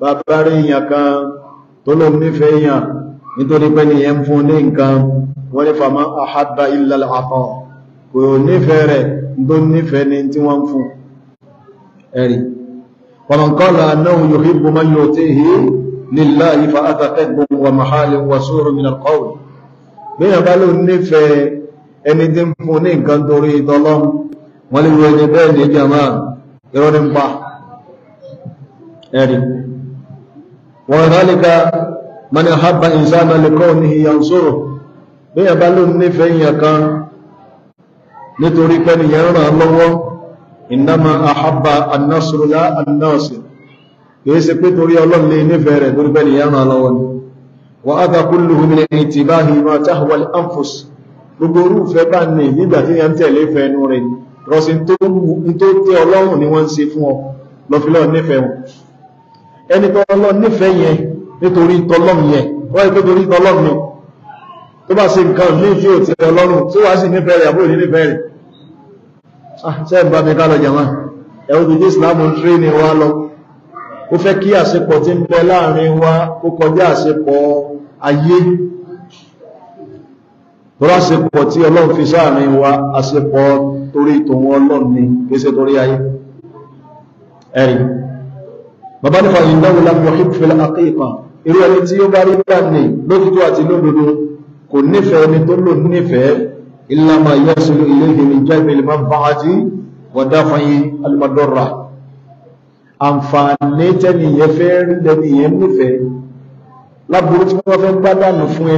bàbá rí èèyàn kan tó ló nífẹ̀ẹ́ èèyàn nítorí pé ní yẹn fún ní nǹkan wọ́n ní fàmá àhádà ilẹ̀ àpọ̀ kò nífẹ̀ẹ́ rẹ̀ tó nífẹ̀ẹ́ ní tí wọ́n fún ẹ̀rì wọ̀nàkọ́lá náà yóò hìbò máa yóò tí hì nílá ìfà àtàkẹ́gbò wà mahali wà sóòrò mìíràn kọ́wù ẹ̀rí wọn rálíkà mọ́ni àhábà ìsáàmà lẹ́kọ́ ní ìyànsóòrò bí ẹ̀bá ló nífẹ̀ẹ́ ìyàn kan nítorí pé nìyẹn ràn lọ́wọ́ ìnáma àhábà annásùlá annásì kìí ṣe pé torí ọlọ́run lè nífẹ̀ẹ́ rẹ̀ torí pé nìyẹn ràn ní nígbà rẹ̀ lọ́fílọ́ nífẹ̀ẹ́ ẹni tọ́lọ́ nífẹ̀ẹ́ yẹn nítorí tọ́lọ́m yẹn wọ́n yẹ nítorí tọ́lọ́m ni tó bá ṣe nǹkan ní tí ò ti ọlọ́run tí wàá sì nífẹ̀ẹ́ rẹ̀ àbúrò ní nífẹ̀ẹ́ rẹ̀ ah, ṣe ń bá mi ká lọ jàmá ẹ̀wọ́n ti dé ìsìlámù ń tíré ni wá lọ ó fẹ́ kí àṣepọ̀ ti ń bẹ láàrin wa kó kọjá àṣepọ̀ ayé tọ́lá àṣepọ̀ tí ọlọ́run fi sáàrin wa àṣepọ̀ torí tòun ọlọ́run ni kí torí ayé ẹ̀rìn bàbá ní fa ìdáhùn lámì ọ̀hìn fẹ́lẹ̀ àkéèpà irú ẹni tí ó bá rí gbà ní lókìtó àti lódodo kò nífẹ̀ẹ́ ẹni tó lò nífẹ̀ẹ́ ìlànà ìyẹ́sùn ilé ìgbìmọ̀ ìjábẹ̀ lè má bá a ti wọ̀dá fayin alimadọ́ra àǹfààní tẹ́ni ìyẹn fẹ́ rí lẹ́ni ìyẹn nífẹ̀ẹ́ láburú tí wọ́n fẹ́ gbádànù fún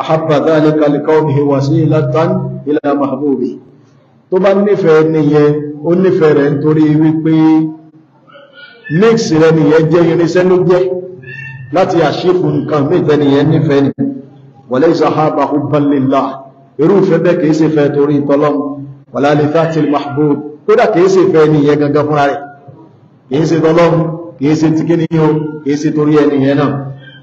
أحب ذلك لكونه وسيلة إلى محبوبه tó bá nífẹ̀ẹ́ níyẹ ó nífẹ̀ẹ́ rẹ̀ nítorí wípé mix rẹ̀ nìyẹ jẹ́ irinṣẹ́ ló jẹ́ láti àṣífù nǹkan mìtẹ́ nìyẹ nífẹ̀ẹ́ ni wọ̀lẹ́ ìṣàhábà hubban lillah irúfẹ́ bẹ́ kìí ṣe fẹ́ torí tọ́lọ́m wala li dhatil mahbub kódà kìí ṣe fẹ́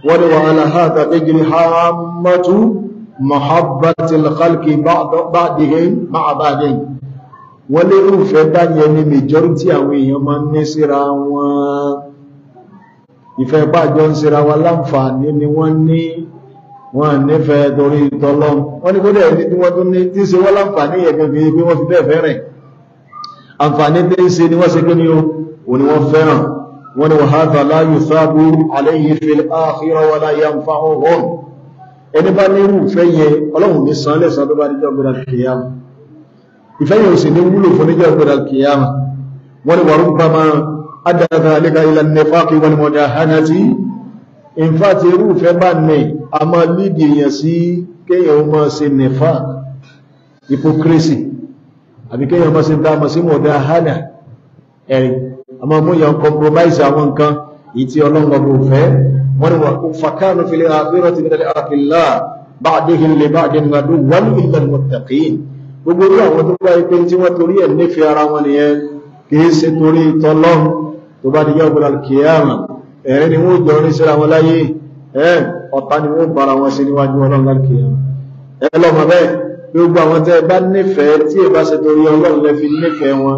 ولو على هذا تجري حامة محبة الخلق بعد بعدهم مع بعدهم wọ́n lérò ìfẹ́ báyẹ ní majority àwọn èèyàn máa ń ní síra wọn ìfẹ́ pàjọ ń síra wa láǹfààní ni wọ́n ní wọ́n nífẹ̀ẹ́ torí tọ́lọ́m wọ́n ní kó dẹ̀ ní wọ́n tún ní tí ṣe wọ́n láǹfààní ẹ̀gbẹ̀gbẹ̀ bí wọ́n fi bẹ́ẹ̀ fẹ́rẹ̀ àǹfààní tí ń ni wọ́n ṣe kí ni o òní wọ́n fẹ́ràn wọn wà hádà láyé sáàbù aléyìí fi ààkírọ wà láyé àǹfààní ọ̀hún ẹni bá nírú ìfẹ́ yẹ ọlọ́run ní san lẹ́sàn tó bá níjọ́ gbọ́dá kìíyàmù ìfẹ́ yẹ ò sì ní wúlò fún níjọ́ gbọ́dá kìíyàmù wọn ni wàrú bá máa adàdà alẹ́ka ilẹ̀ nẹfàkì wọn mọ̀dà hánàtí hánà àmọ́ mú yàn compromise àwọn nǹkan èyí tí ọlọ́run ọbọ̀ fẹ́ wọ́n ni wọ́n fàkánù fil akhirati minal akhilla ba'dihim li ba'din aduwwan illa al-muttaqin gbogbo orí àwọn tó bá ipé tí wọ́n torí ẹ̀ nífẹ̀ẹ́ ara wọn nìyẹn kìí ṣe torí tọlọ́run tó bá di yọ́gbọ̀n alkiyama ẹ̀rẹ́ ni wọ́n jọ ní síra wọn láyé ẹ̀ ọ̀tá ni wọ́n bára wọn sí níwájú ọlọ́run alkiyama ẹ lọ́mọ bẹ́ẹ̀ gbogbo àwọn tẹ́ bá nífẹ̀ẹ́ tí ẹ bá ṣe torí ọlọ́run lẹ́fi nífẹ̀ẹ́ wọn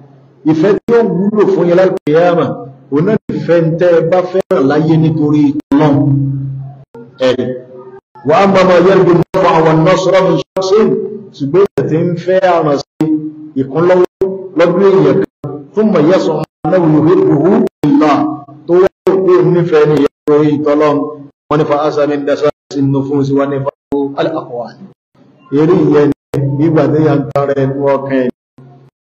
ìfẹ́ tí ó wúlò fún yín láìpẹ́ àmà òun náà ìfẹ́ ń tẹ́ bá fẹ́ràn láyé nítorí ọlọ́run ẹ̀rì wà á máa yẹ́ bí mọ́ fún àwọn nọ́sọ́rọ́ mi ṣọ́sìn ṣùgbọ́n ìfẹ́ tí ń fẹ́ àrùn sí ìkúnlọ́wọ́ lọ́dún èèyàn kan fún mọ̀yẹ́sọ̀ náà yóò gbòhú ìlà tó wá